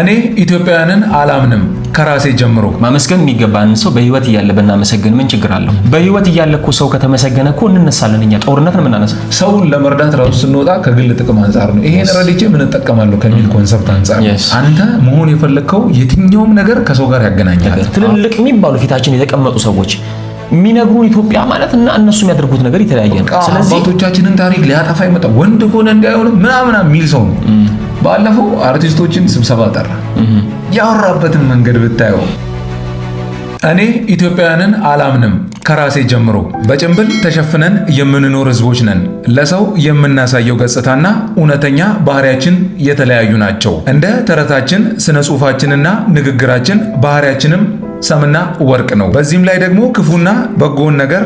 እኔ ኢትዮጵያውያንን አላምንም። ከራሴ ጀምሮ ማመስገን የሚገባንን ሰው በህይወት እያለ ብናመሰግን ምን ችግር አለው? በህይወት እያለ እኮ ሰው ከተመሰገነ እኮ እንነሳለን። እኛ ጦርነት ነው የምናነሳው። ሰውን ለመርዳት ራሱ ስንወጣ ከግል ጥቅም አንጻር ነው። ይሄን ረድቼ ምን እጠቀማለሁ ከሚል ኮንሰፕት አንጻር አንተ መሆን የፈለግከው የትኛውም ነገር ከሰው ጋር ያገናኛል። ትልልቅ የሚባሉ ፊታችን የተቀመጡ ሰዎች የሚነግሩን ኢትዮጵያ ማለት እና እነሱ የሚያደርጉት ነገር የተለያየ ነው። ስለዚህ አባቶቻችንን ታሪክ ሊያጠፋ ይመጣ ወንድ ሆነ እንዳይሆንም ምናምና የሚል ሰው ነው ባለፈው አርቲስቶችን ስብሰባ ጠራ። ያወራበትን መንገድ ብታየው እኔ ኢትዮጵያውያንን አላምንም። ከራሴ ጀምሮ በጭንብል ተሸፍነን የምንኖር ህዝቦች ነን። ለሰው የምናሳየው ገጽታና እውነተኛ ባህሪያችን የተለያዩ ናቸው። እንደ ተረታችን፣ ስነ ጽሁፋችንና ንግግራችን ባህሪያችንም ሰምና ወርቅ ነው። በዚህም ላይ ደግሞ ክፉና በጎውን ነገር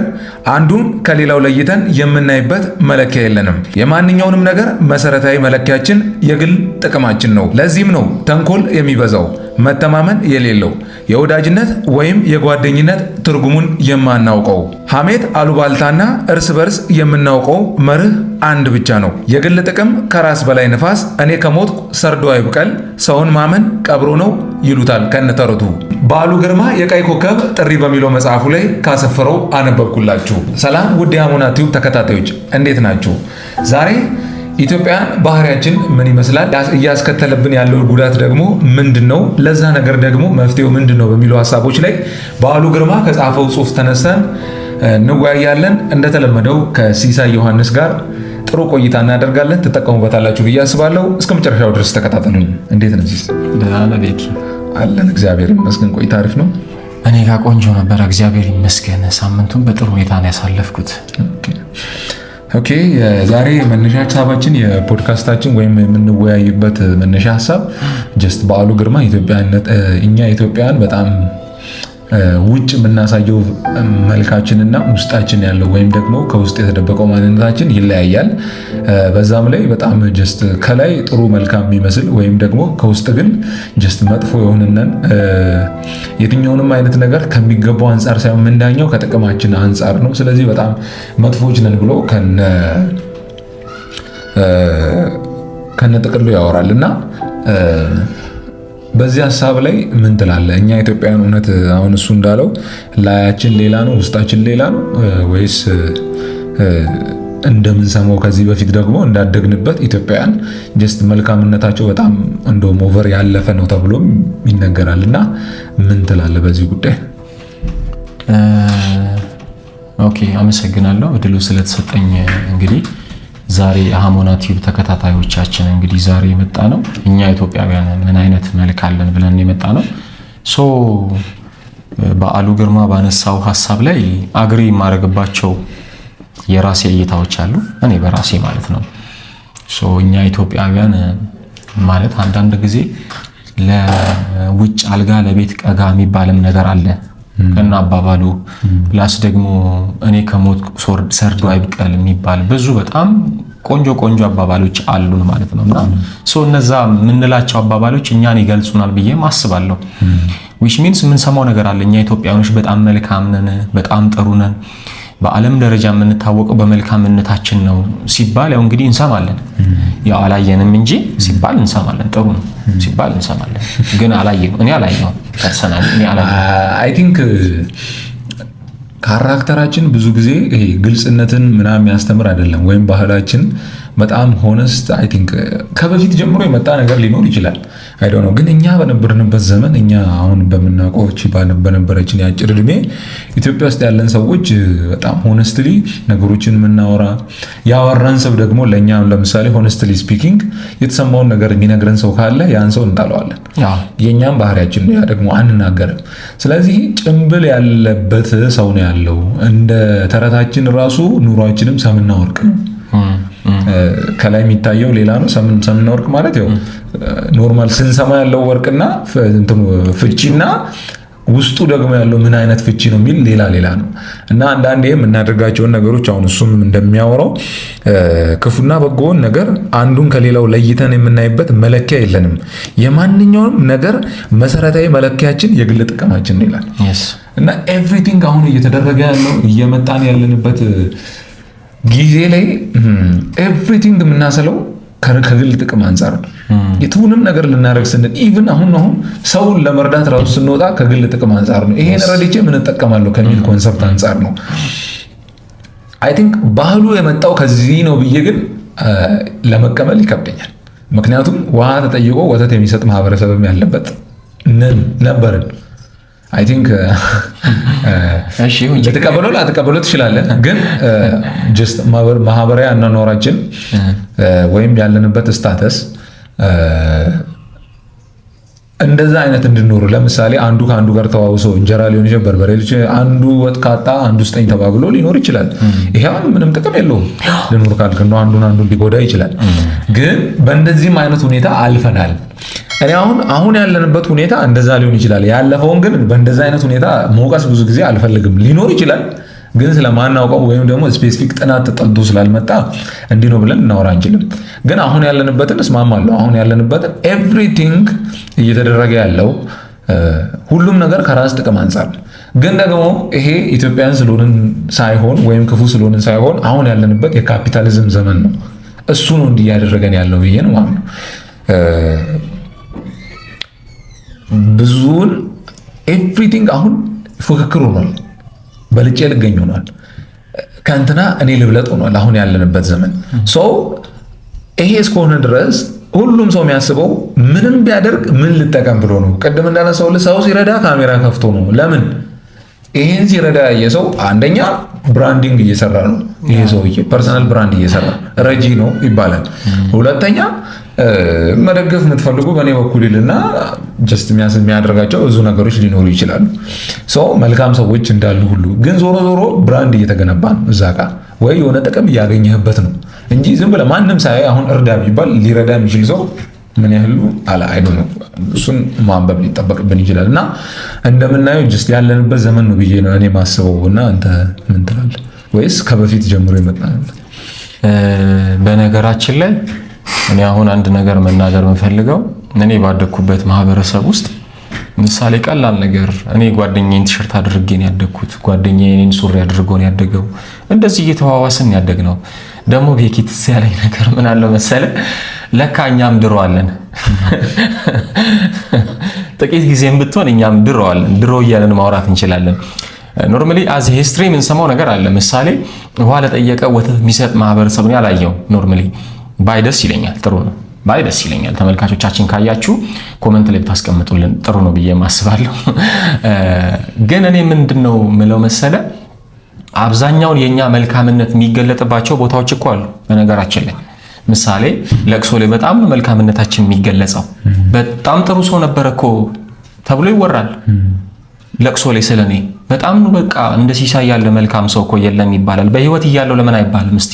አንዱን ከሌላው ለይተን የምናይበት መለኪያ የለንም። የማንኛውንም ነገር መሰረታዊ መለኪያችን የግል ጥቅማችን ነው። ለዚህም ነው ተንኮል የሚበዛው። መተማመን የሌለው የወዳጅነት ወይም የጓደኝነት ትርጉሙን የማናውቀው ሐሜት፣ አሉባልታና እርስ በርስ የምናውቀው መርህ አንድ ብቻ ነው። የግል ጥቅም ከራስ በላይ ንፋስ፣ እኔ ከሞት ሰርዶ አይብቀል፣ ሰውን ማመን ቀብሮ ነው ይሉታል ከነተረቱ። በዓሉ ግርማ የቀይ ኮከብ ጥሪ በሚለው መጽሐፉ ላይ ካሰፈረው አነበብኩላችሁ። ሰላም ውድ የአሞና ቲዩብ ተከታታዮች እንዴት ናችሁ? ዛሬ ኢትዮጵያን ባህሪያችን ምን ይመስላል? እያስከተለብን ያለው ጉዳት ደግሞ ምንድን ነው? ለዛ ነገር ደግሞ መፍትሄው ምንድን ነው? በሚሉ ሀሳቦች ላይ በዓሉ ግርማ ከጻፈው ጽሑፍ ተነስተን እንወያያለን። እንደተለመደው ከሲሳይ ዮሐንስ ጋር ጥሩ ቆይታ እናደርጋለን። ትጠቀሙበታላችሁ ብዬ አስባለሁ። እስከ መጨረሻው ድረስ ተከታተሉኝ። እንዴት ነው ሲሳይ? አለን እግዚአብሔር ይመስገን። ቆይታ አሪፍ ነው። እኔ ጋር ቆንጆ ነበር፣ እግዚአብሔር ይመስገን። ሳምንቱን በጥሩ ሁኔታ ነው ያሳለፍኩት። ኦኬ ዛሬ መነሻ ሀሳባችን የፖድካስታችን ወይም የምንወያይበት መነሻ ሀሳብ ጀስት በዓሉ ግርማ እኛ ኢትዮጵያውያን በጣም ውጭ የምናሳየው መልካችንና ውስጣችን ያለው ወይም ደግሞ ከውስጥ የተደበቀው ማንነታችን ይለያያል። በዛም ላይ በጣም ጀስት ከላይ ጥሩ መልካም የሚመስል ወይም ደግሞ ከውስጥ ግን ጀስት መጥፎ የሆንነን የትኛውንም አይነት ነገር ከሚገባው አንጻር ሳይሆን የምንዳኘው ከጥቅማችን አንጻር ነው። ስለዚህ በጣም መጥፎች ነን ብሎ ከነ ጥቅሉ ያወራል እና በዚህ ሀሳብ ላይ ምን ትላለህ? እኛ ኢትዮጵያውያን እውነት አሁን እሱ እንዳለው ላያችን ሌላ ነው፣ ውስጣችን ሌላ ነው ወይስ እንደምንሰማው ከዚህ በፊት ደግሞ እንዳደግንበት ኢትዮጵያውያን ጀስት መልካምነታቸው በጣም እንደውም ኦቨር ያለፈ ነው ተብሎም ይነገራል እና ምን ትላለህ በዚህ ጉዳይ? ኦኬ አመሰግናለሁ እድሉ ስለተሰጠኝ እንግዲህ ዛሬ ሀሞና ቲዩብ ተከታታዮቻችን እንግዲህ ዛሬ የመጣ ነው እኛ ኢትዮጵያውያን ምን አይነት መልክ አለን ብለን የመጣ ነው። ሶ በአሉ ግርማ ባነሳው ሀሳብ ላይ አግሪ የማደርግባቸው የራሴ እይታዎች አሉ። እኔ በራሴ ማለት ነው። ሶ እኛ ኢትዮጵያውያን ማለት አንዳንድ ጊዜ ለውጭ አልጋ ለቤት ቀጋ የሚባልም ነገር አለ ከና አባባሉ ፕላስ ደግሞ እኔ ከሞት ሰርዶ አይብቀል የሚባል ብዙ በጣም ቆንጆ ቆንጆ አባባሎች አሉን ማለት ነው። እና እነዛ የምንላቸው አባባሎች እኛን ይገልጹናል ብዬም አስባለሁ። ዊች ሚንስ የምንሰማው ነገር አለ። እኛ ኢትዮጵያኖች በጣም መልካም ነን፣ በጣም ጥሩ ነን፣ በዓለም ደረጃ የምንታወቀው በመልካምነታችን ነው ሲባል ያው እንግዲህ እንሰማለን። ያው አላየንም እንጂ ሲባል እንሰማለን። ጥሩ ነው ሲባል እንሰማለን፣ ግን አላየም። እኔ አላየው ፐርሰናል እኔ አላየ አይ ቲንክ ካራክተራችን ብዙ ጊዜ ይሄ ግልጽነትን ምናምን የሚያስተምር አይደለም ወይም ባህላችን በጣም ሆነስት አይ ቲንክ ከበፊት ጀምሮ የመጣ ነገር ሊኖር ይችላል። አይ ነው ግን እኛ በነበርንበት ዘመን እኛ አሁን በምናውቀዎች በነበረችን የአጭር እድሜ ኢትዮጵያ ውስጥ ያለን ሰዎች በጣም ሆነስትሊ ነገሮችን የምናወራ ያወራን ሰው ደግሞ ለእኛ ለምሳሌ ሆነስትሊ ስፒኪንግ የተሰማውን ነገር የሚነግረን ሰው ካለ ያን ሰው እንጠለዋለን። የእኛም ባህሪያችን ያ ደግሞ አንናገርም። ስለዚህ ጭንብል ያለበት ሰው ነው ያለው። እንደ ተረታችን ራሱ ኑሯችንም ሰምና ወርቅ ነው። ከላይ የሚታየው ሌላ ነው። ሰምና ወርቅ ማለት ያው ኖርማል ስንሰማ ያለው ወርቅና ፍቺና ውስጡ ደግሞ ያለው ምን አይነት ፍቺ ነው የሚል ሌላ ሌላ ነው እና አንዳንዴ የምናደርጋቸውን ነገሮች አሁን እሱም እንደሚያወራው ክፉና በጎውን ነገር አንዱን ከሌላው ለይተን የምናይበት መለኪያ የለንም። የማንኛውም ነገር መሰረታዊ መለኪያችን የግል ጥቅማችን ይላል እና ኤቭሪቲንግ አሁን እየተደረገ ያለው እየመጣን ያለንበት ጊዜ ላይ ኤቭሪቲንግ የምናስለው ከግል ጥቅም አንጻር ነው። የትውንም ነገር ልናደርግ ስንል ኢቭን አሁን አሁን ሰውን ለመርዳት ራሱ ስንወጣ ከግል ጥቅም አንጻር ነው። ይሄን ረድቼ ምን እጠቀማለሁ ከሚል ኮንሰፕት አንጻር ነው። አይ ቲንክ ባህሉ የመጣው ከዚህ ነው ብዬ ግን ለመቀበል ይከብደኛል። ምክንያቱም ውሃ ተጠይቆ ወተት የሚሰጥ ማህበረሰብም ያለበት ነበርን። አይ ቲንክ ልትቀበለው ላትቀበለው ትችላለህ። ግን ጀስት ማህበራዊ አኗኗራችን ወይም ያለንበት ስታተስ እንደዛ አይነት እንድኖሩ ለምሳሌ አንዱ ከአንዱ ጋር ተዋውሶ እንጀራ ሊሆን ይችላል፣ በርበሬ አንዱ ወጥ ካጣ አንዱ ስጠኝ ተባብሎ ሊኖር ይችላል። ይሄ ምንም ጥቅም የለውም። ልኖር ካልክ አንዱን አንዱን ሊጎዳ ይችላል። ግን በእንደዚህም አይነት ሁኔታ አልፈናል። እኔ አሁን አሁን ያለንበት ሁኔታ እንደዛ ሊሆን ይችላል። ያለፈውን ግን በእንደዛ አይነት ሁኔታ መውቀስ ብዙ ጊዜ አልፈልግም። ሊኖር ይችላል ግን ስለማናውቀው ወይም ደግሞ ስፔሲፊክ ጥናት ተጠልቶ ስላልመጣ እንዲህ ነው ብለን እናወራ አንችልም። ግን አሁን ያለንበትን እስማማለሁ። አሁን ያለንበትን ኤቭሪቲንግ እየተደረገ ያለው ሁሉም ነገር ከራስ ጥቅም አንጻር ግን ደግሞ ይሄ ኢትዮጵያን ስለሆንን ሳይሆን ወይም ክፉ ስለሆንን ሳይሆን አሁን ያለንበት የካፒታሊዝም ዘመን ነው። እሱ ነው እንዲህ እያደረገን ያለው ብዬ ነው ማለት ነው። ብዙውን ኤቭሪቲንግ አሁን ፉክክር ሆኗል። በልጬ ልገኝ ሆኗል። ከእንትና እኔ ልብለጥ ሆኗል። አሁን ያለንበት ዘመን ሰው ይሄ እስከሆነ ድረስ ሁሉም ሰው የሚያስበው ምንም ቢያደርግ ምን ልጠቀም ብሎ ነው። ቅድም እንዳነሳው ሰው ሲረዳ ካሜራ ከፍቶ ነው። ለምን ይህን ሲረዳ ያየ ሰው አንደኛ ብራንዲንግ እየሰራ ነው። ይሄ ሰውዬ ፐርሰናል ብራንድ እየሰራ ረጂ ነው ይባላል። ሁለተኛ መደገፍ የምትፈልጉ በእኔ በኩል ይልና ጀስት የሚያደርጋቸው ብዙ ነገሮች ሊኖሩ ይችላሉ። ሰው መልካም ሰዎች እንዳሉ ሁሉ ግን ዞሮ ዞሮ ብራንድ እየተገነባ ነው እዛ ጋር ወይ የሆነ ጥቅም እያገኘህበት ነው እንጂ ዝም ብለህ ማንም ሳይ አሁን እርዳ ቢባል ሊረዳ የሚችል ሰው ምን ያህሉ አለ አይዶ ነው። እሱን ማንበብ ሊጠበቅብን ይችላል። እና እንደምናየው ጀስት ያለንበት ዘመን ነው ብዬ ነው እኔ ማስበው። እና አንተ ምን ትላለህ? ወይስ ከበፊት ጀምሮ ይመጣ? በነገራችን ላይ እኔ አሁን አንድ ነገር መናገር የምፈልገው እኔ ባደግኩበት ማህበረሰብ ውስጥ ምሳሌ ቀላል ነገር እኔ ጓደኛዬን ቲሸርት አድርጌ ነው ያደግኩት። ጓደኛዬ እኔን ሱሪ አድርጎ ነው ያደገው። እንደዚህ እየተዋዋስን ያደግ ነው። ደግሞ ቤኪ ትዝ ያለኝ ነገር ምን አለው መሰለ፣ ለካ እኛም ድሮ አለን። ጥቂት ጊዜም ብትሆን እኛም ድሮ አለን። ድሮ እያለን ማውራት እንችላለን። ኖርማሊ አዚ ሂስትሪ የምንሰማው ነገር አለ። ምሳሌ ውሃ ለጠየቀ ወተት የሚሰጥ ማህበረሰብ ነው ያላየው ኖርማሊ ባይ ደስ ይለኛል። ጥሩ ነው ባይ ደስ ይለኛል። ተመልካቾቻችን ካያችሁ ኮመንት ላይ ብታስቀምጡልን ጥሩ ነው ብዬ ማስባለሁ። ግን እኔ ምንድን ነው ምለው መሰለ አብዛኛውን የእኛ መልካምነት የሚገለጥባቸው ቦታዎች እኮ አሉ። በነገራችን ላይ ምሳሌ ለቅሶ ላይ በጣም መልካምነታችን የሚገለጸው በጣም ጥሩ ሰው ነበረ እኮ ተብሎ ይወራል። ለቅሶ ላይ ስለ እኔ በጣም ነው በቃ እንደ ሲሳይ ያለ መልካም ሰው እኮ የለም ይባላል። በህይወት እያለው ለምን አይባልም? እስቲ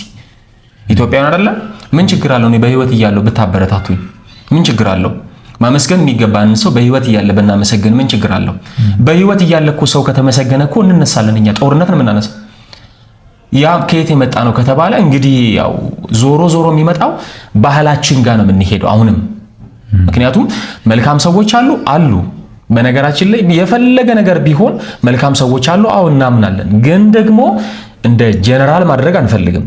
ኢትዮጵያን አይደለም ምን ችግር አለው? እኔ በህይወት እያለው ብታበረታቱኝ ምን ችግር አለው? ማመስገን የሚገባንን ሰው በህይወት እያለ ብናመሰግን ምን ችግር አለው? በህይወት እያለ እኮ ሰው ከተመሰገነ እኮ እንነሳለን። እኛ ጦርነት ነው የምናነሳ። ያ ከየት የመጣ ነው ከተባለ እንግዲህ ያው ዞሮ ዞሮ የሚመጣው ባህላችን ጋር ነው የምንሄደው አሁንም። ምክንያቱም መልካም ሰዎች አሉ አሉ በነገራችን ላይ የፈለገ ነገር ቢሆን መልካም ሰዎች አሉ። አዎ እናምናለን። ግን ደግሞ እንደ ጀነራል ማድረግ አንፈልግም።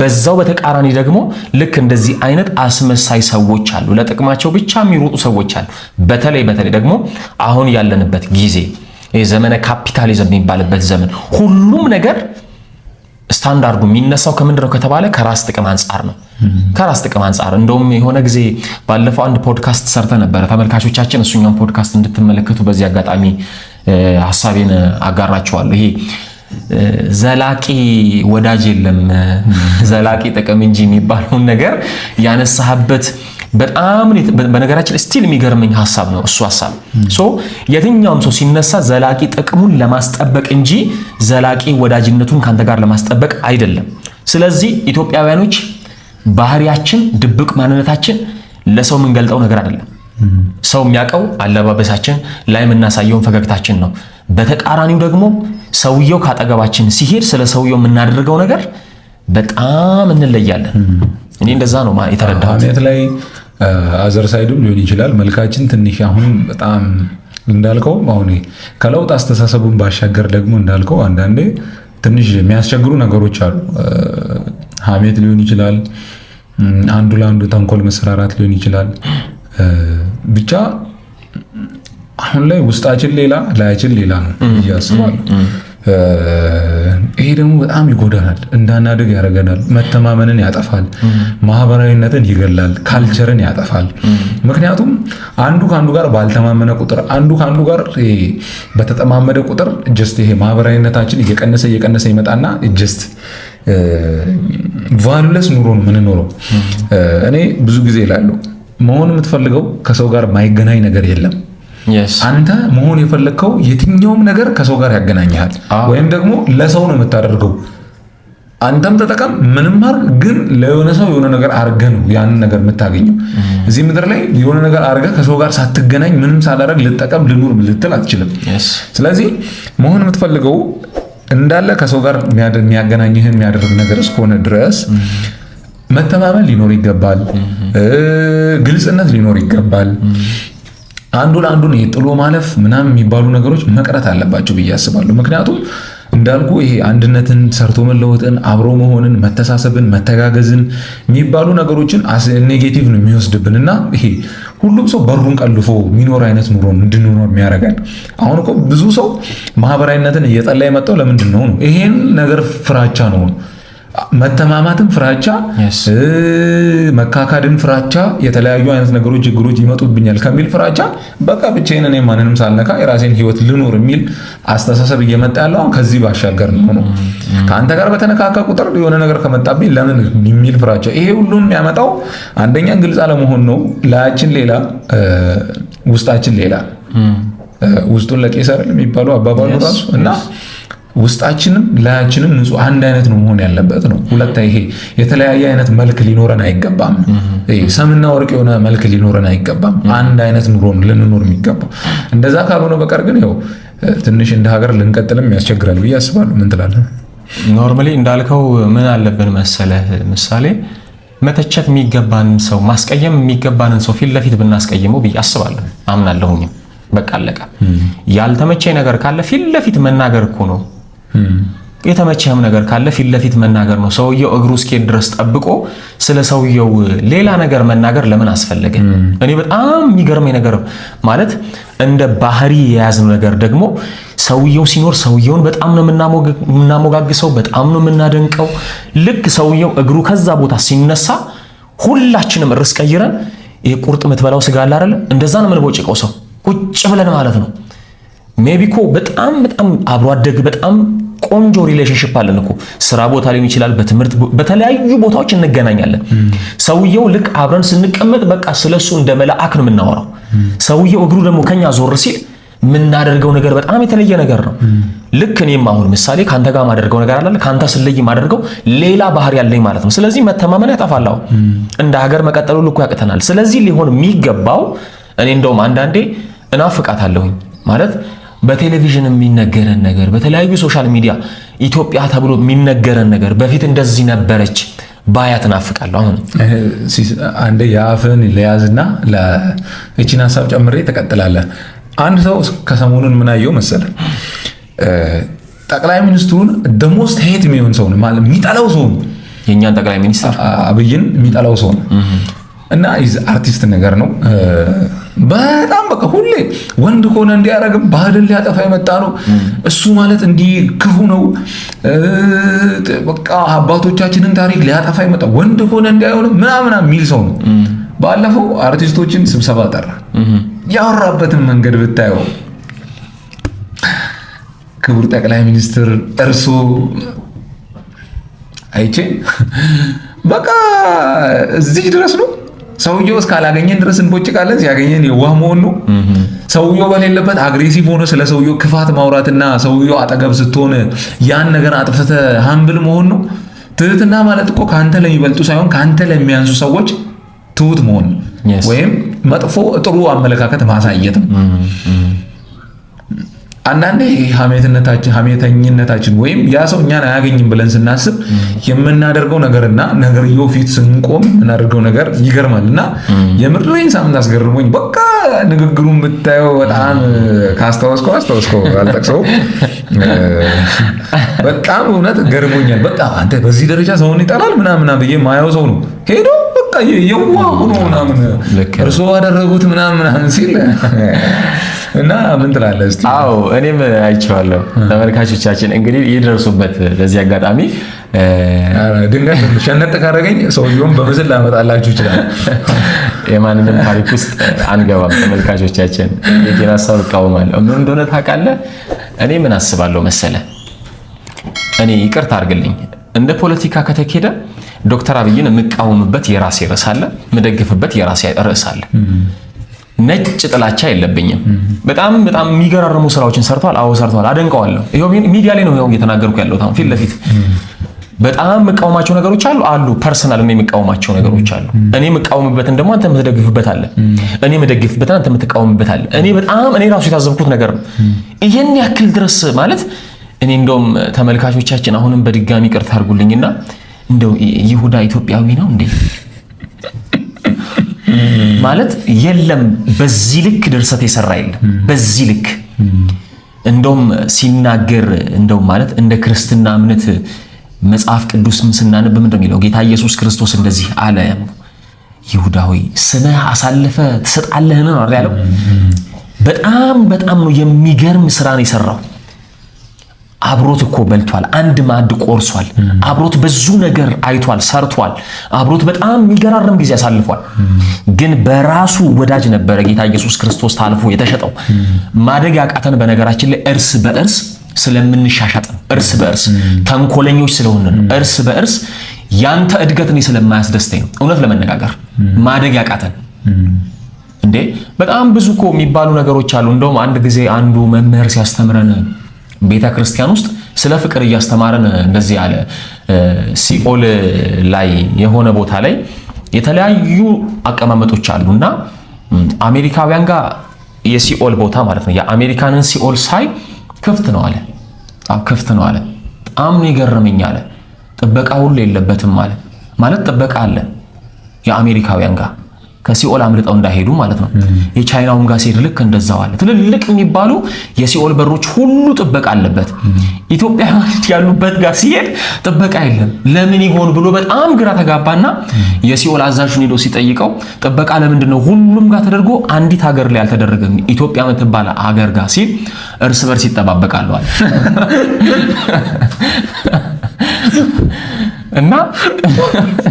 በዛው በተቃራኒ ደግሞ ልክ እንደዚህ አይነት አስመሳይ ሰዎች አሉ። ለጥቅማቸው ብቻ የሚሮጡ ሰዎች አሉ። በተለይ በተለይ ደግሞ አሁን ያለንበት ጊዜ የዘመነ ካፒታሊዝም የሚባልበት ዘመን ሁሉም ነገር ስታንዳርዱ የሚነሳው ከምንድን ነው ከተባለ ከራስ ጥቅም አንጻር ነው። ከራስ ጥቅም አንጻር እንደውም የሆነ ጊዜ ባለፈው አንድ ፖድካስት ሰርተ ነበረ። ተመልካቾቻችን እሱኛውን ፖድካስት እንድትመለከቱ በዚህ አጋጣሚ ሀሳቤን አጋራችኋለሁ። ይሄ ዘላቂ ወዳጅ የለም፣ ዘላቂ ጥቅም እንጂ የሚባለውን ነገር ያነሳህበት በጣም በነገራችን ስቲል የሚገርመኝ ሀሳብ ነው እሱ ሀሳብ። ሶ የትኛውም ሰው ሲነሳ ዘላቂ ጥቅሙን ለማስጠበቅ እንጂ ዘላቂ ወዳጅነቱን ከአንተ ጋር ለማስጠበቅ አይደለም። ስለዚህ ኢትዮጵያውያኖች ባህሪያችን፣ ድብቅ ማንነታችን ለሰው የምንገልጠው ነገር አይደለም። ሰው የሚያውቀው አለባበሳችን ላይ የምናሳየውን ፈገግታችን ነው። በተቃራኒው ደግሞ ሰውየው ካጠገባችን ሲሄድ ስለ ሰውየው የምናደርገው ነገር በጣም እንለያለን። እኔ እንደዛ ነው የተረዳሁት። ላይ አዘር ሳይድም ሊሆን ይችላል መልካችን ትንሽ አሁን በጣም እንዳልከው አሁን ከለውጥ አስተሳሰቡን ባሻገር ደግሞ እንዳልከው አንዳንዴ ትንሽ የሚያስቸግሩ ነገሮች አሉ። ሀሜት ሊሆን ይችላል፣ አንዱ ለአንዱ ተንኮል መሰራራት ሊሆን ይችላል ብቻ አሁን ላይ ውስጣችን ሌላ ላያችን ሌላ ነው እያስባሉ። ይሄ ደግሞ በጣም ይጎዳናል፣ እንዳናድግ ያደርገናል፣ መተማመንን ያጠፋል፣ ማህበራዊነትን ይገላል፣ ካልቸርን ያጠፋል። ምክንያቱም አንዱ ከአንዱ ጋር ባልተማመነ ቁጥር፣ አንዱ ከአንዱ ጋር በተጠማመደ ቁጥር ጀስት ይሄ ማህበራዊነታችን እየቀነሰ እየቀነሰ ይመጣና ጀስት ቫሉለስ ኑሮ ነው ምንኖረው። እኔ ብዙ ጊዜ ላለው መሆን የምትፈልገው ከሰው ጋር ማይገናኝ ነገር የለም አንተ መሆን የፈለግከው የትኛውም ነገር ከሰው ጋር ያገናኝሃል፣ ወይም ደግሞ ለሰው ነው የምታደርገው። አንተም ተጠቀም፣ ምንም አድርግ፣ ግን ለሆነ ሰው የሆነ ነገር አድርገህ ነው ያንን ነገር የምታገኘው። እዚህ ምድር ላይ የሆነ ነገር አድርገህ ከሰው ጋር ሳትገናኝ ምንም ሳላደርግ ልጠቀም፣ ልኑር ልትል አትችልም። ስለዚህ መሆን የምትፈልገው እንዳለ ከሰው ጋር የሚያገናኝህን የሚያደርግ ነገር እስከሆነ ድረስ መተማመን ሊኖር ይገባል። ግልጽነት ሊኖር ይገባል። አንዱ ለአንዱ ነው ማለፍ ምናምን የሚባሉ ነገሮች መቅረት አለባቸው ብዬ አስባለሁ። ምክንያቱም እንዳልኩ ይሄ አንድነትን፣ ሰርቶ መለወጥን፣ አብሮ መሆንን፣ መተሳሰብን፣ መተጋገዝን የሚባሉ ነገሮችን ኔጌቲቭ ነው የሚወስድብን እና ይሄ ሁሉም ሰው በሩን ቀልፎ የሚኖር አይነት ኑሮ እንድንኖር የሚያደርጋል። አሁን እኮ ብዙ ሰው ማህበራዊነትን እየጠላ የመጣው ለምንድን ነው? ይሄን ነገር ፍራቻ ነው። መተማማትን ፍራቻ፣ መካካድን ፍራቻ፣ የተለያዩ አይነት ነገሮች ችግሮች ይመጡብኛል ከሚል ፍራቻ በቃ ብቻዬን እኔ ማንንም ሳልነካ የራሴን ህይወት ልኖር የሚል አስተሳሰብ እየመጣ ያለው አሁን ከዚህ ባሻገር ነው። mm-hmm. Mm-hmm. ከአንተ ጋር በተነካካ ቁጥር የሆነ ነገር ከመጣብኝ ለምን የሚል ፍራቻ። ይሄ ሁሉም ያመጣው አንደኛ ግልጽ አለመሆን ነው። ላያችን ሌላ ውስጣችን ሌላ mm-hmm. ውስጡን ለቄሳር የሚባሉ አባባሉ ራሱ እና ውስጣችንም ላያችንም ንጹህ አንድ አይነት ነው መሆን ያለበት ነው። ሁለት ይሄ የተለያየ አይነት መልክ ሊኖረን አይገባም። ሰምና ወርቅ የሆነ መልክ ሊኖረን አይገባም። አንድ አይነት ኑሮ ልንኖር የሚገባ እንደዛ ካልሆነ በቀር ግን ያው ትንሽ እንደ ሀገር ልንቀጥልም ያስቸግራል ብዬ አስባለሁ። ምን ትላለህ? ኖርማሊ እንዳልከው ምን አለብን መሰለህ ምሳሌ መተቸት የሚገባንን ሰው ማስቀየም የሚገባንን ሰው ፊት ለፊት ብናስቀይመው ብዬ አስባለሁ አምናለሁኝም። በቃ አለቀ። ያልተመቸኝ ነገር ካለ ፊት ለፊት መናገር እኮ ነው የተመቸህም ነገር ካለ ፊት ለፊት መናገር ነው። ሰውየው እግሩ እስኪ ድረስ ጠብቆ ስለ ሰውየው ሌላ ነገር መናገር ለምን አስፈለገ? እኔ በጣም የሚገርመኝ ነገር ማለት እንደ ባህሪ የያዝነው ነገር ደግሞ ሰውየው ሲኖር ሰውየውን በጣም ነው የምናሞጋግሰው፣ በጣም ነው የምናደንቀው። ልክ ሰውየው እግሩ ከዛ ቦታ ሲነሳ ሁላችንም ርዕስ ቀይረን ይሄ ቁርጥ የምትበላው ስጋ አለ አይደለ? እንደዛ ነው የምንቦጭቀው ሰው ቁጭ ብለን ማለት ነው። ሜቢኮ በጣም በጣም አብሮ አደግ በጣም ቆንጆ ሪሌሽንሽፕ አለን እኮ ስራ ቦታ ሊሆን ይችላል፣ በትምህርት በተለያዩ ቦታዎች እንገናኛለን። ሰውየው ልክ አብረን ስንቀመጥ በቃ ስለሱ እንደ መላአክ ነው የምናወራው። ሰውየው እግሩ ደግሞ ከኛ ዞር ሲል የምናደርገው ነገር በጣም የተለየ ነገር ነው። ልክ እኔም አሁን ምሳሌ ከአንተ ጋር ማደርገው ነገር አለ፣ ከአንተ ስለይ ማደርገው ሌላ ባህሪ ያለኝ ማለት ነው። ስለዚህ መተማመን ያጠፋላው እንደ ሀገር መቀጠሉ ልኩ ያቅተናል። ስለዚህ ሊሆን የሚገባው እኔ እንደውም አንዳንዴ እናፍቃታለሁኝ ማለት በቴሌቪዥን የሚነገረን ነገር፣ በተለያዩ ሶሻል ሚዲያ ኢትዮጵያ ተብሎ የሚነገረን ነገር በፊት እንደዚህ ነበረች ባያ ትናፍቃለሁ። አሁን አንዴ የአፍን ለያዝና ለእቺን ሀሳብ ጨምሬ ትቀጥላለህ። አንድ ሰው ከሰሞኑን ምናየው መሰለ ጠቅላይ ሚኒስትሩን ደሞስት ሄት የሚሆን ሰው ማለት የሚጠላው የእኛን ጠቅላይ ሚኒስትር አብይን የሚጠላው ሰውን እና አርቲስት ነገር ነው። በጣም በቃ ሁሌ ወንድ ከሆነ እንዲያረግ ባህልን ሊያጠፋ የመጣ ነው። እሱ ማለት እንዲህ ክፉ ነው። በቃ አባቶቻችንን ታሪክ ሊያጠፋ የመጣ ወንድ ከሆነ እንዲያይሆነ ምናምና የሚል ሰው ነው። ባለፈው አርቲስቶችን ስብሰባ ጠራ። ያወራበትን መንገድ ብታየው ክቡር ጠቅላይ ሚኒስትር እርሶ አይቼ በቃ እዚህ ድረስ ነው ሰውየው እስካላገኘን ድረስ እንቦጭቃለን። ሲያገኘን የዋህ መሆን ነው። ሰውየው በሌለበት አግሬሲቭ ሆነ ስለ ሰውየው ክፋት ማውራትና ሰውየው አጠገብ ስትሆን ያን ነገር አጥፍተ ሀምብል መሆን ነው። ትህትና ማለት እኮ ከአንተ ለሚበልጡ ሳይሆን ከአንተ ለሚያንሱ ሰዎች ትሁት መሆን ወይም መጥፎ ጥሩ አመለካከት ማሳየት ነው። አንዳንዴ ሀሜተኝነታችን ወይም ያ ሰው እኛን አያገኝም ብለን ስናስብ የምናደርገው ነገርና ነገርየው ፊት ስንቆም የምናደርገው ነገር ይገርማል። እና የምድሬን ሳምንት አስገርሞኝ በቃ ንግግሩ የምታየው በጣም ካስታወስከው አስታወስከው አልጠቅሰው በጣም እውነት ገርሞኛል። በጣም አንተ በዚህ ደረጃ ሰውን ይጠላል ምናምና ብዬ ማየው ሰው ነው ሄዶ በቃ የዋ ሆኖ ምናምን እርስዎ አደረጉት ምናምን ሲል እና ምን ትላለህ አዎ እኔም አይቼዋለሁ። ተመልካቾቻችን እንግዲህ ይደርሱበት። በዚህ አጋጣሚ ድንገት ሸነጥ ካደረገኝ ሰውየውም በምስል ላመጣላችሁ ይችላል። የማንንም ታሪክ ውስጥ አንገባም። ተመልካቾቻችን የጤና ሀሳብ እቃወማለሁ። ምን እንደሆነ ታውቃለህ? እኔ ምን አስባለሁ መሰለ፣ እኔ ይቅርታ አድርግልኝ፣ እንደ ፖለቲካ ከተኬደ ዶክተር አብይን የምቃወምበት የራሴ ርዕስ አለ፣ የምደግፍበት የራሴ ርዕስ አለ። ነጭ ጥላቻ የለብኝም። በጣም በጣም የሚገራርሙ ስራዎችን ሰርቷል። አዎ ሰርቷል፣ አደንቀዋለሁ። ሚዲያ ላይ ነው እየተናገርኩ ያለሁት አሁን ፊት ለፊት በጣም የምቃወማቸው ነገሮች አሉ አሉ ፐርሰናል እኔ የምቃወማቸው ነገሮች አሉ። እኔ የምቃወምበትን ደግሞ አንተ የምትደግፍበት አለ። እኔ የምደግፍበት አንተ የምትቃወምበት አለ። እኔ በጣም እኔ ራሱ የታዘብኩት ነገር ነው። ይህን ያክል ድረስ ማለት እኔ እንደውም ተመልካቾቻችን አሁንም በድጋሚ ቅርታ አድርጉልኝና እንደው ይሁዳ ኢትዮጵያዊ ነው እንዴ ማለት የለም። በዚህ ልክ ድርሰት የሰራ የለም። በዚህ ልክ እንደውም ሲናገር እንደውም ማለት እንደ ክርስትና እምነት መጽሐፍ ቅዱስም ስናነብ ምንድን ነው የሚለው? ጌታ ኢየሱስ ክርስቶስ እንደዚህ አለ፣ ይሁዳ ሆይ ስምህ አሳልፈ ትሰጣለህን? ነው ያለው። በጣም በጣም ነው የሚገርም ስራ ነው የሰራው። አብሮት እኮ በልቷል። አንድ ማዕድ ቆርሷል። አብሮት ብዙ ነገር አይቷል፣ ሰርቷል። አብሮት በጣም የሚገራርም ጊዜ አሳልፏል። ግን በራሱ ወዳጅ ነበረ ጌታ ኢየሱስ ክርስቶስ ታልፎ የተሸጠው። ማደግ ያቃተን በነገራችን ላይ እርስ በእርስ ስለምንሻሻጥ እርስ በእርስ ተንኮለኞች ስለሆነ ነው። እርስ በእርስ ያንተ እድገት እኔ ስለማያስደስተኝ ነው። እውነት ለመነጋገር ማደግ ያቃተን እንዴ በጣም ብዙ እኮ የሚባሉ ነገሮች አሉ። እንደውም አንድ ጊዜ አንዱ መምህር ሲያስተምረን ቤተ ክርስቲያን ውስጥ ስለ ፍቅር እያስተማረን እንደዚህ አለ። ሲኦል ላይ የሆነ ቦታ ላይ የተለያዩ አቀማመጦች አሉና አሜሪካውያን ጋር የሲኦል ቦታ ማለት ነው። የአሜሪካንን ሲኦል ሳይ ክፍት ነው አለ፣ በጣም ክፍት ነው አለ። በጣም ነው የገረመኝ አለ። ጥበቃ ሁሉ የለበትም አለ። ማለት ጥበቃ አለ የአሜሪካውያን ጋር ከሲኦል አምልጠው እንዳይሄዱ ማለት ነው። የቻይናውም ጋር ሲሄድ ልክ እንደዛው አለ። ትልልቅ የሚባሉ የሲኦል በሮች ሁሉ ጥበቃ አለበት። ኢትዮጵያ ያሉበት ጋር ሲሄድ ጥበቃ የለም። ለምን ይሆን ብሎ በጣም ግራ ተጋባና የሲኦል አዛዡን ሄዶ ሲጠይቀው ጥበቃ ለምንድን ነው ሁሉም ጋር ተደርጎ አንዲት ሀገር ላይ አልተደረገም ኢትዮጵያ የምትባል ሀገር ጋር ሲል እርስ በርስ ይጠባበቃሉ አለ እና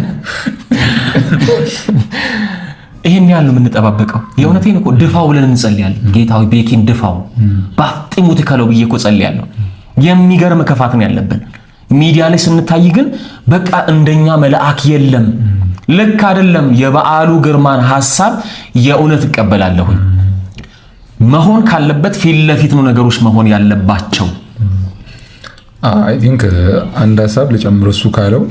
ይሄን ያህል ነው የምንጠባበቀው። የእውነቴን እኮ ድፋው ብለን እንጸልያለን። ጌታዊ ቤኪን ድፋው በአፍጢሙ ትከለው ብዬ እኮ ጸልያለሁ። የሚገርም ነው ያለብን ሚዲያ ላይ ስንታይ ግን በቃ እንደኛ መልአክ የለም። ልክ አይደለም። የበዓሉ ግርማን ሐሳብ የእውነት እቀበላለሁኝ። መሆን ካለበት ፊት ለፊት ነው ነገሮች መሆን ያለባቸው። አይ ቲንክ አንድ ሐሳብ ልጨምር እሱ ካለው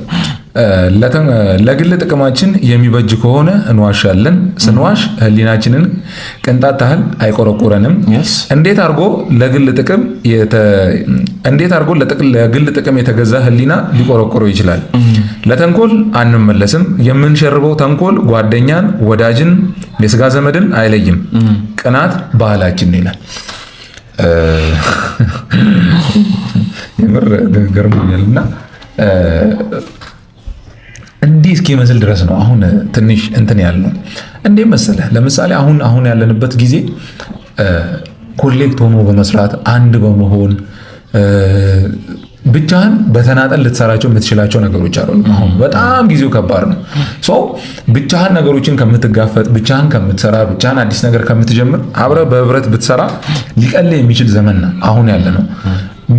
ለግል ጥቅማችን የሚበጅ ከሆነ እንዋሻለን። ስንዋሽ ህሊናችንን ቅንጣት ታህል አይቆረቁረንም። እንዴት አድርጎ ለግል ጥቅም እንዴት አድርጎ ለግል ጥቅም የተገዛ ህሊና ሊቆረቁረው ይችላል? ለተንኮል አንመለስም። የምንሸርበው ተንኮል ጓደኛን፣ ወዳጅን፣ የስጋ ዘመድን አይለይም። ቅናት ባህላችን ይላል። የምር ገርሞኛል እና እንዲህ እስኪመስል ድረስ ነው አሁን ትንሽ እንትን ያልነው። እንዴ መሰለህ ለምሳሌ አሁን አሁን ያለንበት ጊዜ ኮሌክት ሆኖ በመስራት አንድ በመሆን ብቻህን በተናጠል ልትሰራቸው የምትችላቸው ነገሮች አሉ። አሁን በጣም ጊዜው ከባድ ነው። ሰው ብቻህን ነገሮችን ከምትጋፈጥ፣ ብቻህን ከምትሰራ፣ ብቻህን አዲስ ነገር ከምትጀምር አብረህ በህብረት ብትሰራ ሊቀል የሚችል ዘመን ነው አሁን ያለ ነው።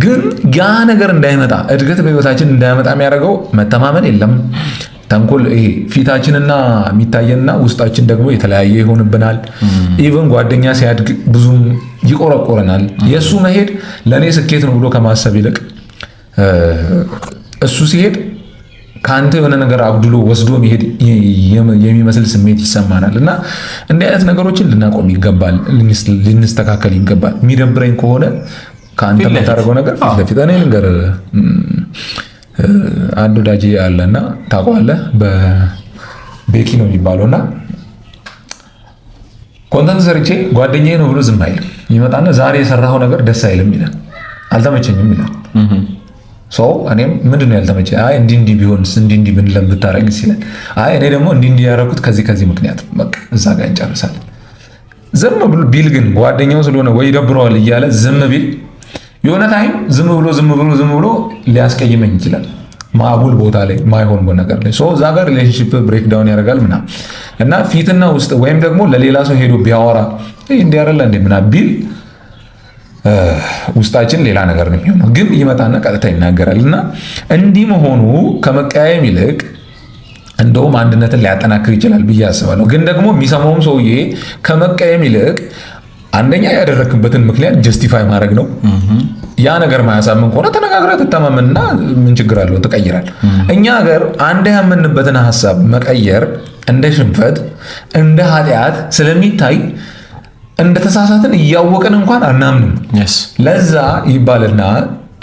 ግን ያ ነገር እንዳይመጣ እድገት በህይወታችን እንዳይመጣ የሚያደርገው መተማመን የለም ተንኮል ይሄ ፊታችንና የሚታየንና ውስጣችን ደግሞ የተለያየ ይሆንብናል። ኢቨን ጓደኛ ሲያድግ ብዙም ይቆረቆረናል። የእሱ መሄድ ለእኔ ስኬት ነው ብሎ ከማሰብ ይልቅ እሱ ሲሄድ ከአንተ የሆነ ነገር አጉድሎ ወስዶ መሄድ የሚመስል ስሜት ይሰማናል። እና እንዲህ አይነት ነገሮችን ልናቆም ይገባል፣ ልንስተካከል ይገባል። የሚደብረኝ ከሆነ ከአንተ የምታደርገው ነገር ፊት ለፊት እኔ ነገር አንድ ወዳጅ አለና ታውቀዋለህ፣ በቤኪ ነው የሚባለው እና ኮንተንት ሰርቼ ጓደኛዬ ነው ብሎ ዝም አይልም። ይመጣና ዛሬ የሰራኸው ነገር ደስ አይልም ይላል፣ አልተመቸኝም ይላል። ሰው እኔም ምንድን ነው ያልተመቸኝ? አይ እንዲህ እንዲህ ቢሆንስ እንዲህ እንዲህ ብንለም ብታረግ አይ እኔ ደግሞ እንዲህ እንዲህ ያደረኩት ከዚህ ከዚህ ምክንያት በቃ እዛ ጋር እንጨርሳለን። ዝም ቢል ግን ጓደኛው ስለሆነ ወይ ደብረዋል እያለ ዝም ቢል የሆነ ታይም ዝም ብሎ ዝም ብሎ ዝም ብሎ ሊያስቀይመኝ ይችላል። ማቡል ቦታ ላይ ማይሆን ነገር ላይ እዛ ጋር ሪሌሽንሽፕ ዳውን ያደርጋል ምና እና ፊትና ውስጥ ወይም ደግሞ ለሌላ ሰው ሄዶ ቢያወራ እንዲያረላ እንደ ምና ቢል ውስጣችን ሌላ ነገር ነው የሚሆነው። ግን ይመጣና ቀጥታ ይናገራል እና እንዲህ መሆኑ ከመቀያየም ይልቅ እንደውም አንድነትን ሊያጠናክር ይችላል ብዬ አስባለሁ። ግን ደግሞ የሚሰማውም ሰውዬ ከመቀየም ይልቅ አንደኛ ያደረክበትን ምክንያት ጀስቲፋይ ማድረግ ነው። ያ ነገር ማያሳምን ከሆነ ተነጋግረህ ትተማመንና ምን ችግር አለው ትቀይራል። እኛ ሀገር አንድ ያመንበትን ሀሳብ መቀየር እንደ ሽንፈት እንደ ኃጢአት ስለሚታይ እንደ ተሳሳትን እያወቅን እንኳን አናምንም። ለዛ ይባልና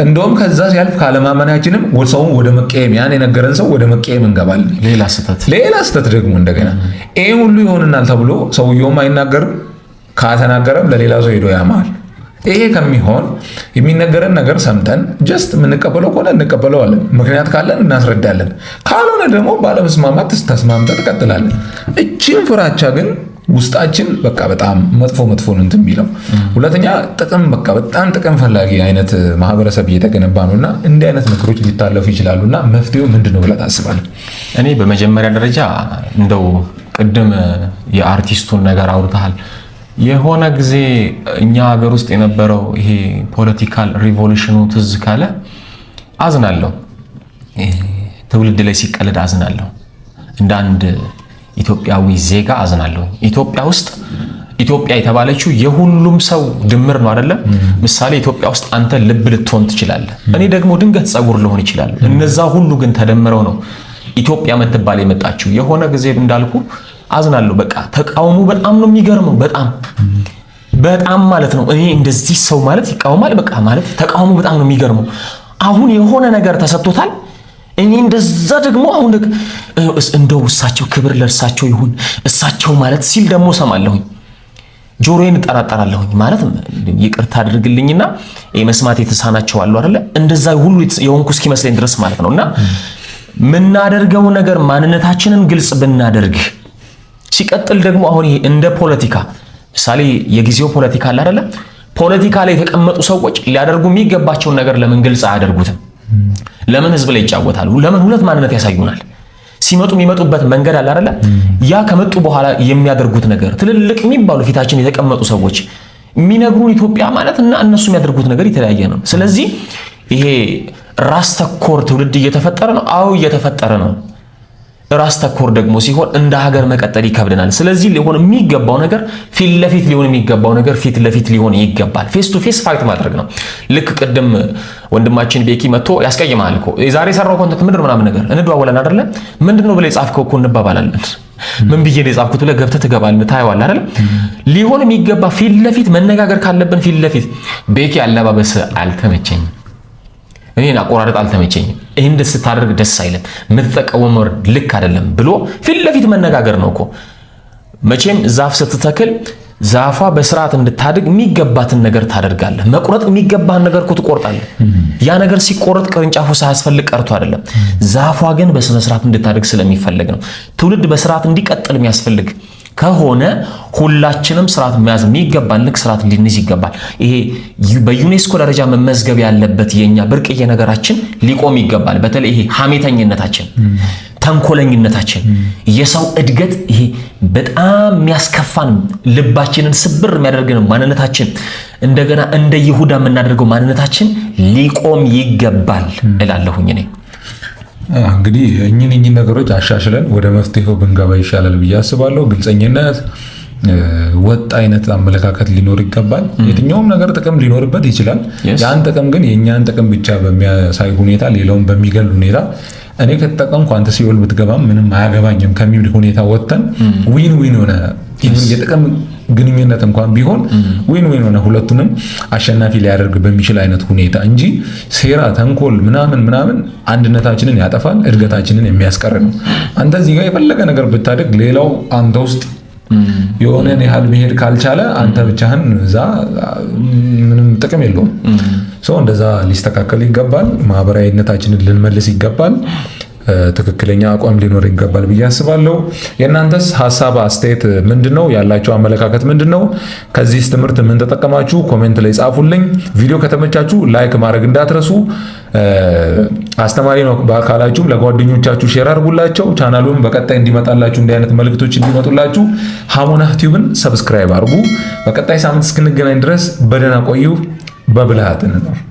እንደውም ከዛ ሲያልፍ ካለማመናችንም ሰውን ወደ መቀየም ያን የነገረን ሰው ወደ መቀየም እንገባለን። ሌላ ስህተት ደግሞ እንደገና ይህም ሁሉ ይሆንናል ተብሎ ሰውየውም አይናገርም ካተናገረም ለሌላ ሰው ሄዶ ያማል። ይሄ ከሚሆን የሚነገረን ነገር ሰምተን ጀስት የምንቀበለው ከሆነ እንቀበለዋለን። ምክንያት ካለን እናስረዳለን። ካልሆነ ደግሞ ባለመስማማት ተስማምተን ትቀጥላለን። እችን ፍራቻ ግን ውስጣችን በቃ በጣም መጥፎ መጥፎ ነው እንትን የሚለው። ሁለተኛ ጥቅም በቃ በጣም ጥቅም ፈላጊ አይነት ማህበረሰብ እየተገነባ ነው እና እንዲህ አይነት ምክሮች ሊታለፉ ይችላሉ እና መፍትሄው ምንድን ነው ብለህ ታስባለህ? እኔ በመጀመሪያ ደረጃ እንደው ቅድም የአርቲስቱን ነገር አውርተሃል የሆነ ጊዜ እኛ ሀገር ውስጥ የነበረው ይሄ ፖለቲካል ሪቮሉሽኑ ትዝ ካለ አዝናለሁ። ትውልድ ላይ ሲቀለድ አዝናለሁ። እንደ አንድ ኢትዮጵያዊ ዜጋ አዝናለሁ። ኢትዮጵያ ውስጥ ኢትዮጵያ የተባለችው የሁሉም ሰው ድምር ነው አይደለም። ምሳሌ ኢትዮጵያ ውስጥ አንተ ልብ ልትሆን ትችላለህ፣ እኔ ደግሞ ድንገት ጸጉር ልሆን ይችላል። እነዛ ሁሉ ግን ተደምረው ነው ኢትዮጵያ የምትባል የመጣችው። የሆነ ጊዜ እንዳልኩ አዝናለሁ። በቃ ተቃውሞ በጣም ነው የሚገርመው። በጣም በጣም ማለት ነው። እኔ እንደዚህ ሰው ማለት ይቃወማል። በቃ ማለት ተቃውሞ በጣም ነው የሚገርመው። አሁን የሆነ ነገር ተሰጥቶታል። እኔ እንደዛ ደግሞ አሁን እንደው እሳቸው ክብር ለርሳቸው ይሁን እሳቸው ማለት ሲል ደግሞ ሰማለሁኝ ጆሮዬን እጠራጠራለሁኝ ማለት ይቅርታ አድርግልኝና መስማት የተሳናቸው አሉ አይደለ? እንደዛ ሁሉ የሆንኩ እስኪመስለኝ ድረስ ማለት ነው። እና ምናደርገው ነገር ማንነታችንን ግልጽ ብናደርግ ሲቀጥል ደግሞ አሁን ይሄ እንደ ፖለቲካ ምሳሌ የጊዜው ፖለቲካ አለ አይደለ? ፖለቲካ ላይ የተቀመጡ ሰዎች ሊያደርጉ የሚገባቸውን ነገር ለምን ግልጽ አያደርጉትም? ለምን ህዝብ ላይ ይጫወታሉ? ለምን ሁለት ማንነት ያሳዩናል? ሲመጡ የሚመጡበት መንገድ አለ አይደለ? ያ ከመጡ በኋላ የሚያደርጉት ነገር ትልልቅ የሚባሉ ፊታችን የተቀመጡ ሰዎች የሚነግሩን ኢትዮጵያ ማለት እና እነሱ የሚያደርጉት ነገር የተለያየ ነው። ስለዚህ ይሄ ራስ ተኮር ትውልድ እየተፈጠረ ነው። አዎ እየተፈጠረ ነው። ራስ ተኮር ደግሞ ሲሆን እንደ ሀገር መቀጠል ይከብደናል። ስለዚህ ሊሆን የሚገባው ነገር ፊት ለፊት ሊሆን የሚገባው ነገር ፊት ለፊት ሊሆን ይገባል። ፌስ ቱ ፌስ ፋክት ማድረግ ነው። ልክ ቅድም ወንድማችን ቤኪ መጥቶ ያስቀይማል እኮ የዛሬ የሰራው ኮንተንት ምድር ምናምን ነገር እንደዋወለን አደለ? ምንድን ነው ብለህ የጻፍከው እኮ እንባባላለን። ምን ብዬ ነው የጻፍኩት ብለህ ገብተህ ትገባለህ፣ ታየዋለህ ሊሆን የሚገባ ፊት ለፊት መነጋገር ካለብን ፊት ለፊት ቤኪ አለባበስ አልተመቸኝም፣ እኔን አቆራረጥ አልተመቸኝም ይህን ደስ ስታደርግ ደስ አይልም፣ የምትጠቀመው ልክ አይደለም ብሎ ፊት ለፊት መነጋገር ነው እኮ። መቼም ዛፍ ስትተክል ዛፏ በስርዓት እንድታድግ የሚገባትን ነገር ታደርጋለህ። መቁረጥ የሚገባህን ነገር እኮ ትቆርጣለህ። ያ ነገር ሲቆረጥ ቅርንጫፉ ሳያስፈልግ ቀርቶ አይደለም። ዛፏ ግን በስነስርዓት እንድታድግ ስለሚፈለግ ነው። ትውልድ በስርዓት እንዲቀጥል የሚያስፈልግ ከሆነ ሁላችንም ስርዓት መያዝ የሚገባን ልክ ስርዓት ሊንይዝ ይገባል። ይሄ በዩኔስኮ ደረጃ መመዝገብ ያለበት የኛ ብርቅዬ ነገራችን ሊቆም ይገባል። በተለይ ይሄ ሀሜተኝነታችን፣ ተንኮለኝነታችን፣ የሰው እድገት ይሄ በጣም የሚያስከፋን ልባችንን ስብር የሚያደርግን ማንነታችን እንደገና እንደ ይሁዳ የምናደርገው ማንነታችን ሊቆም ይገባል እላለሁኝ እኔ። እንግዲህ እኝን እኝን ነገሮች አሻሽለን ወደ መፍትሄው ብንገባ ይሻላል ብዬ አስባለሁ። ግልፀኝነት፣ ወጥ አይነት አመለካከት ሊኖር ይገባል። የትኛውም ነገር ጥቅም ሊኖርበት ይችላል። ያን ጥቅም ግን የእኛን ጥቅም ብቻ በሚያሳይ ሁኔታ፣ ሌላውን በሚገል ሁኔታ እኔ ከተጠቀምኩ አንተ ሲኦል ብትገባም ምንም አያገባኝም ከሚል ሁኔታ ወጥተን ዊን ዊን የሆነ ኢቭን የጥቅም ግንኙነት እንኳን ቢሆን ወይን mm-hmm. ወይን ሆነ ሁለቱንም አሸናፊ ሊያደርግ በሚችል አይነት ሁኔታ እንጂ ሴራ፣ ተንኮል ምናምን ምናምን አንድነታችንን ያጠፋል፣ እድገታችንን የሚያስቀር ነው። አንተ እዚህ ጋር የፈለገ ነገር ብታደግ ሌላው አንተ ውስጥ mm-hmm. የሆነን ያህል ብሄድ ካልቻለ አንተ mm-hmm. ብቻህን እዛ ምንም ጥቅም የለውም። ሰው እንደዛ ሊስተካከል ይገባል። ማህበራዊነታችንን ልንመልስ ይገባል። ትክክለኛ አቋም ሊኖር ይገባል ብዬ አስባለሁ። የእናንተስ ሀሳብ አስተያየት ምንድን ነው? ያላቸው አመለካከት ምንድን ነው? ከዚህስ ትምህርት ምን ተጠቀማችሁ? ኮሜንት ላይ ጻፉልኝ። ቪዲዮ ከተመቻችሁ ላይክ ማድረግ እንዳትረሱ። አስተማሪ ነው በአካላችሁም ለጓደኞቻችሁ ሼር አድርጉላቸው። ቻናሉን በቀጣይ እንዲመጣላችሁ እንዲህ አይነት መልእክቶች እንዲመጡላችሁ ሀሞና ቲዩብን ሰብስክራይብ አድርጉ። በቀጣይ ሳምንት እስክንገናኝ ድረስ በደህና ቆዩ። በብልሃት እንኖር።